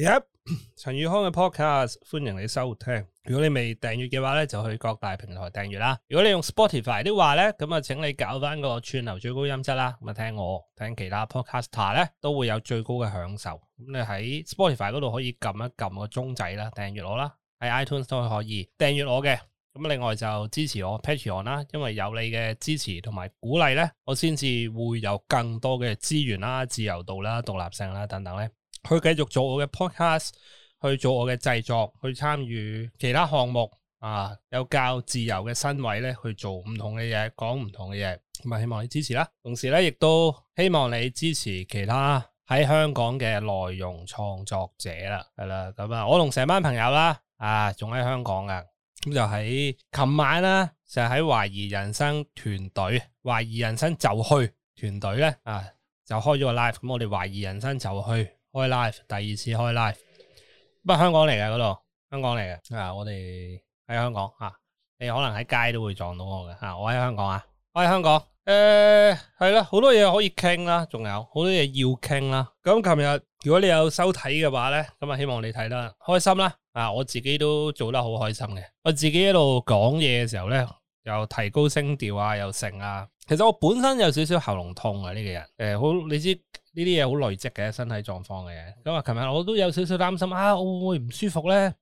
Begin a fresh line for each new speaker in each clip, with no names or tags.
Yep, 陳宇康嘅 podcast 歡迎你收聽。如果你未訂閱嘅話呢就去各大平台訂閱啦。如果你用 Spotify 的話呢，咁啊，請你搞翻個串流最高音質啦。咁啊，聽我聽其他 podcaster 咧都會有最高嘅享受。你喺 Spotify 嗰度可以撳一撳個鐘仔啦，訂閱我啦。喺 iTunes 都可以訂閱我嘅。咁另外就支持我 patreon 啦，因為有你嘅支持同埋鼓勵呢，我先至會有更多嘅資源啦、自由度啦、獨立性啦等等咧。去繼續做我嘅 podcast，去做我嘅製作，去參與其他項目啊，有較自由嘅身位呢，去做唔同嘅嘢，講唔同嘅嘢，咁啊，希望你支持啦。同時呢亦都希望你支持其他喺香港嘅內容創作者啦，係啦，咁啊，我同成班朋友啦，啊，仲喺香港㗎，咁就喺琴晚啦，就喺懷疑人生團隊，懷疑人生就去團隊咧，啊，就開咗個 live，咁我哋懷疑人生就去。開 live 第二次開 live，不香港嚟嘅嗰度，香港嚟嘅，啊我哋喺香港啊，你可能喺街都會撞到我嘅啊，我喺香港啊，我喺香港，誒係啦，好多嘢可以傾啦，仲有好多嘢要傾啦。咁琴日如果你有收睇嘅話呢，咁啊希望你睇得開心啦，啊我自己都做得好開心嘅，我自己喺度講嘢嘅時候呢，又提高聲調啊，又成啊，其實我本身有少少喉嚨痛啊呢幾日，誒、欸、好你知。呢啲嘢好累積嘅，身體狀況嘅嘢。咁啊，琴日我都有少少擔心啊，我會唔會唔舒服咧，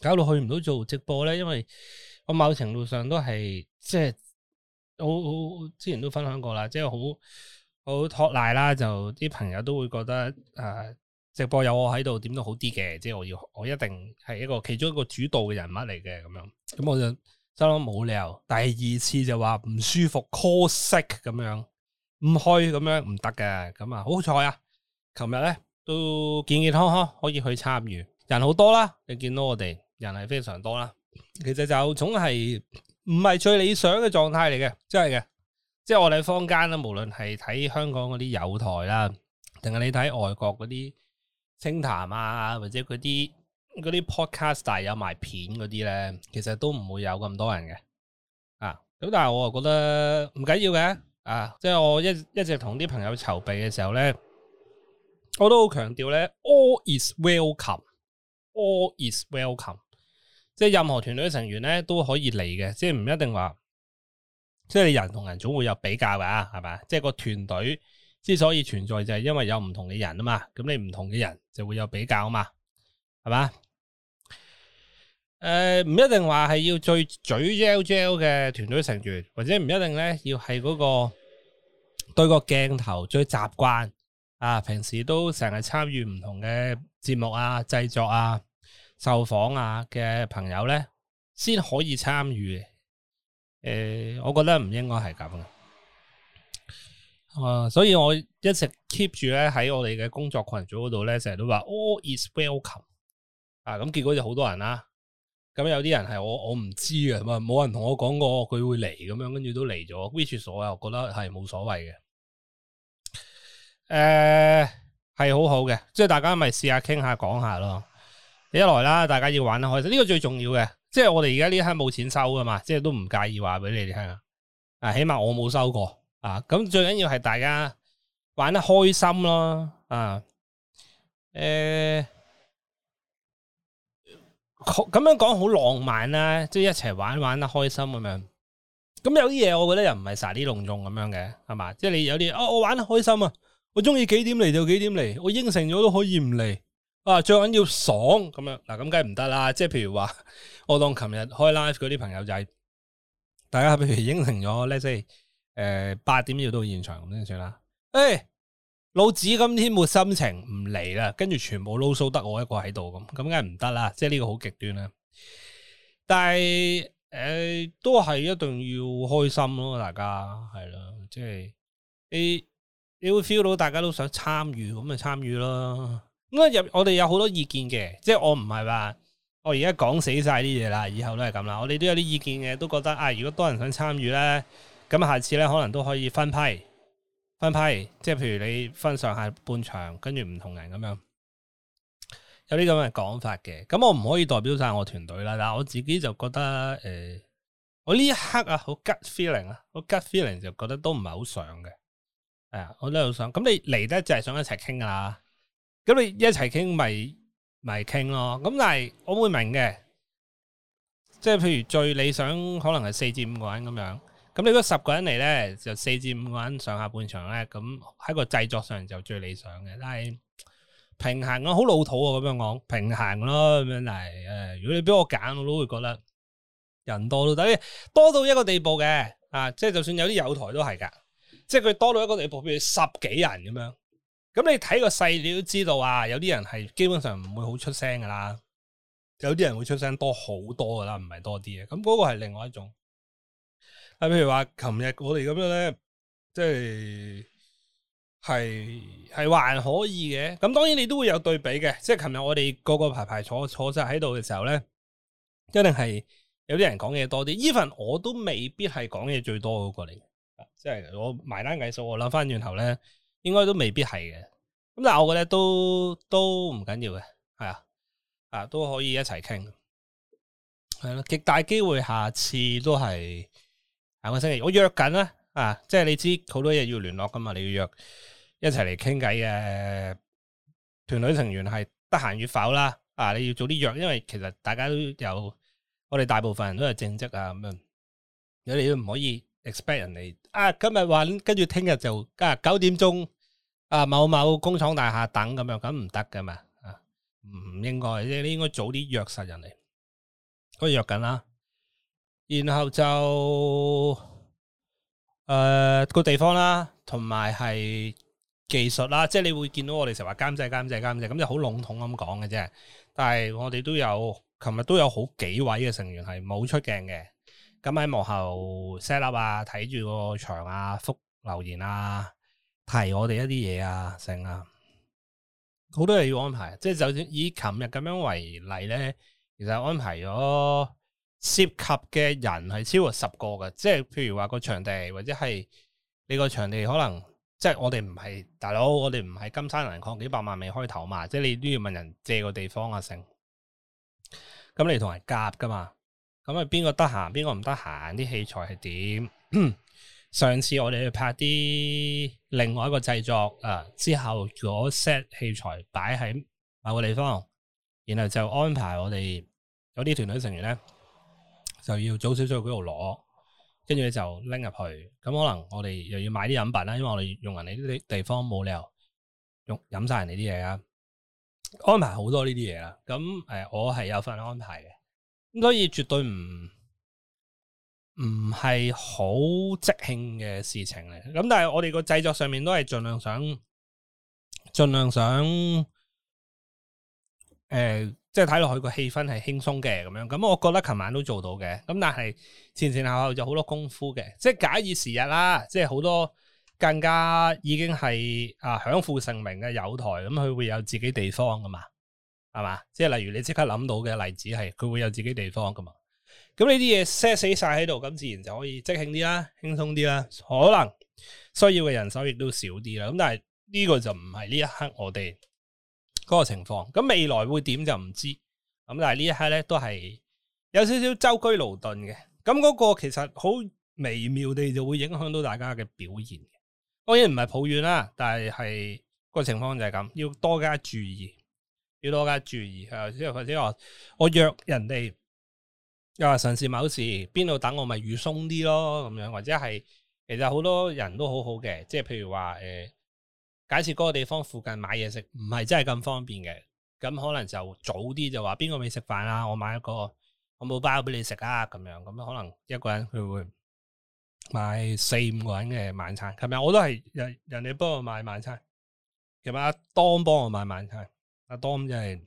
搞到去唔到做直播咧？因為我某程度上都係即係，我我，我之前都分享過啦，即係好好托賴啦，就啲朋友都會覺得誒、啊，直播有我喺度點都好啲嘅。即係我要，我一定係一個其中一個主導嘅人物嚟嘅咁樣。咁我就心諗冇理由。第二次就話唔舒服，call sick 咁樣。唔開咁樣唔得嘅，咁啊好彩啊！琴日咧都健健康康可以去參與，人好多啦，你見到我哋人係非常多啦。其實就總係唔係最理想嘅狀態嚟嘅，真係嘅。即係我哋坊間啦，無論係睇香港嗰啲友台啦，定係你睇外國嗰啲清談啊，或者嗰啲嗰啲 podcast，但有埋片嗰啲咧，其實都唔會有咁多人嘅。啊，咁但係我就覺得唔緊要嘅。啊！即係我一一直同啲朋友籌備嘅時候咧，我都好強調咧，All is welcome，All is welcome，即係任何團隊成員咧都可以嚟嘅，即係唔一定話，即係你人同人總會有比較噶，啊，係嘛？即係個團隊之所以存在就係因為有唔同嘅人啊嘛，咁你唔同嘅人就會有比較啊嘛，係嘛？誒，唔、呃、一定話係要最嘴 gel gel 嘅團隊成員，或者唔一定咧要係嗰個對個鏡頭最習慣啊，平時都成日參與唔同嘅節目啊、製作啊、受訪啊嘅朋友咧，先可以參與。誒、呃，我覺得唔應該係咁啊！所以我一直 keep 住咧喺我哋嘅工作群組嗰度咧，成日都話 all is welcome 啊！咁結果就好多人啦、啊。咁有啲人係我我唔知嘅，咁啊冇人同我講過佢會嚟咁樣，跟住都嚟咗。which 所我覺得係冇所謂嘅，誒、呃、係好好嘅，即係大家咪試下傾下講下咯。一來啦，大家要玩得開心，呢、這個最重要嘅。即係我哋而家呢一刻冇錢收噶嘛，即係都唔介意話俾你哋聽啊。啊，起碼我冇收過啊。咁最緊要係大家玩得開心咯啊。誒、呃。咁樣講好浪漫啦，啊，即、就、係、是、一齊玩玩得開心咁樣。咁有啲嘢，我覺得又唔係傻啲隆重咁樣嘅，係嘛？即係你有啲、哦，我玩得開心啊，我中意幾點嚟到幾點嚟，我應承咗都可以唔嚟。啊，最緊要爽咁樣。嗱、啊，咁梗係唔得啦。即係譬如話，我當琴日開 live 嗰啲朋友就大家譬如應承咗咧，即係誒八點要到現場咁樣算啦。誒、欸。老子今天冇心情唔嚟啦，跟住全部撈蘇得我一個喺度咁，咁梗係唔得啦，即係呢個好極端啦。但係、欸、都係一定要開心咯，大家係咯，即係、誒、你你會 feel 到大家都想參與，咁咪參與咯。咁啊入我哋有好多意見嘅，即係我唔係話我而家講死晒啲嘢啦，以後都係咁啦。我哋都有啲意見嘅，都覺得啊，如果多人想參與咧，咁下次咧可能都可以分批。分批，即係譬如你分上下半場，跟住唔同人咁樣，有啲咁嘅講法嘅。咁我唔可以代表晒我團隊啦。但我自己就覺得，誒、欸，我呢一刻啊，好 gut feeling 啊，好 gut feeling 就覺得都唔係好想嘅。係、啊、我都好想。咁你嚟得就係想一齊傾㗎啦。咁你一齊傾咪咪傾咯。咁但係我會明嘅，即係譬如最理想可能係四至五個人咁樣。咁你嗰十個人嚟咧，就四至五個人上下半場咧，咁喺個製作上就最理想嘅。但係平衡啊，好老土啊，咁樣講平衡咯，咁樣嚟。誒，如果你俾我揀，我都會覺得人多都得多，多到一個地步嘅。啊，即係就算有啲友台都係噶，即係佢多到一個地步，譬如十幾人咁樣。咁你睇個細料都知道啊，有啲人係基本上唔會好出聲噶啦，有啲人會出聲多好多噶啦，唔係多啲嘅。咁嗰個係另外一種。啊，譬如話，琴日我哋咁樣咧，即係係係還可以嘅。咁當然你都會有對比嘅，即係琴日我哋個個排排坐坐晒喺度嘅時候咧，一定係有啲人講嘢多啲。even 我都未必係講嘢最多嘅過嚟，即係我埋單計數，我諗翻轉頭咧，應該都未必係嘅。咁但係我覺得都都唔緊要嘅，係啊，啊都可以一齊傾。係咯，極大機會下次都係。兩個星期，我約緊啦，啊，即係你知好多嘢要聯絡噶嘛，你要約一齊嚟傾偈嘅團隊成員係得閒與否啦，啊，你要早啲約，因為其實大家都有，我哋大部分人都係正職啊咁樣，嗯，你哋都唔可以 expect 人哋啊，今日話跟住聽日就啊九點鐘啊某某工廠大廈等咁樣，咁唔得噶嘛，啊，唔應該，即係你應該早啲約實人哋，可以約緊啦。然後就誒、呃這個地方啦，同埋係技術啦，即係你會見到我哋成日話監製、監製、監製，咁就好籠統咁講嘅啫。但係我哋都有，琴日都有好幾位嘅成員係冇出鏡嘅，咁喺幕後 set up 啊，睇住個場啊，覆留言啊，提我哋一啲嘢啊，成啊，好多嘢要安排。即係就算以琴日咁樣為例咧，其實安排咗。涉及嘅人係超過十個嘅，即係譬如話個場地或者係你個場地可能即係我哋唔係大佬，我哋唔係金山銀礦幾百萬未開頭嘛，即係你都要問人借個地方啊，成咁你同人夾噶嘛，咁啊邊個得閒邊個唔得閒，啲器材係點？上次我哋去拍啲另外一個製作啊，之後咗果 set 器材擺喺某個地方，然後就安排我哋有啲團隊成員咧。就要早少少去嗰度攞，跟住咧就拎入去。咁可能我哋又要買啲飲品啦，因為我哋用人哋啲地方冇理由用飲晒人哋啲嘢啊，安排好多呢啲嘢啦。咁誒，我係有份安排嘅，咁所以絕對唔唔係好即興嘅事情嚟。咁但係我哋個製作上面都係盡量想盡量想。誒、呃，即係睇落去個氣氛係輕鬆嘅咁樣，咁我覺得琴晚都做到嘅，咁但係前前後後就好多功夫嘅，即係假以時日啦，即係好多更加已經係啊享負盛名嘅友台，咁佢會有自己地方噶嘛，係嘛？即係例如你即刻諗到嘅例子係，佢會有自己地方噶嘛？咁呢啲嘢 set 死晒喺度，咁自然就可以即興啲啦，輕鬆啲啦，可能需要嘅人手亦都少啲啦。咁但係呢個就唔係呢一刻我哋。嗰個情況，咁未來會點就唔知，咁但係呢一刻咧都係有少少舟車勞頓嘅，咁、那、嗰個其實好微妙地就會影響到大家嘅表現嘅。當然唔係抱怨啦，但係、係個情況就係咁，要多加注意，要多加注意。即係或者我我約人哋又話嘗試某事，邊度等我咪預鬆啲咯，咁樣或者係其實好多人都好好嘅，即係譬如話誒假設嗰個地方附近買嘢食唔係真係咁方便嘅，咁可能就早啲就話邊個未食飯啊，我買一個漢堡包俾你食啊，咁樣，咁可能一個人佢會買四五個人嘅晚餐，琴日我都係人人哋幫我買晚餐，琴日阿當幫我買晚餐。阿當即係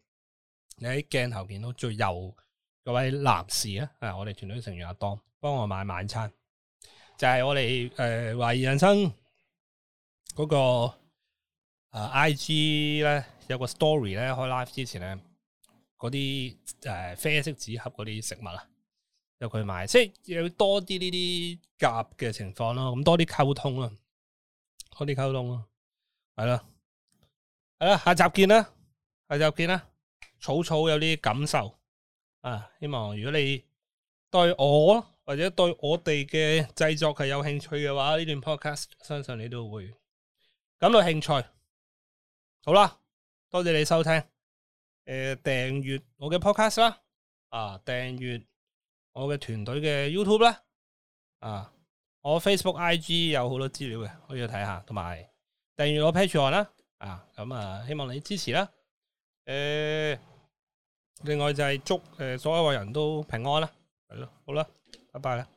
你喺鏡頭見到最右嗰位男士啊，係我哋團隊成員阿當，幫我買晚餐。就係、是、我哋誒懷疑人生嗰、那個。啊！IG 咧有個 story 咧開 live 之前咧，嗰啲誒啡色紙盒嗰啲食物啊，有佢買，即係要多啲呢啲夾嘅情況咯，咁多啲溝通咯，多啲溝通咯，係啦，係啦，下集見啦，下集見啦，草草有啲感受啊，希望如果你對我或者對我哋嘅製作係有興趣嘅話，呢段 podcast 相信你都會感到興趣。好啦，多謝你收聽，誒、呃、訂閱我嘅 podcast 啦，啊訂閱我嘅團隊嘅 YouTube 啦。啊我 Facebook、IG 有好多資料嘅可以去睇下，同埋訂閱我 Patreon 啦，啊咁啊，啊希望你支持啦，誒、啊、另外就係祝誒所有人都平安啦，係咯，好啦，拜拜啦。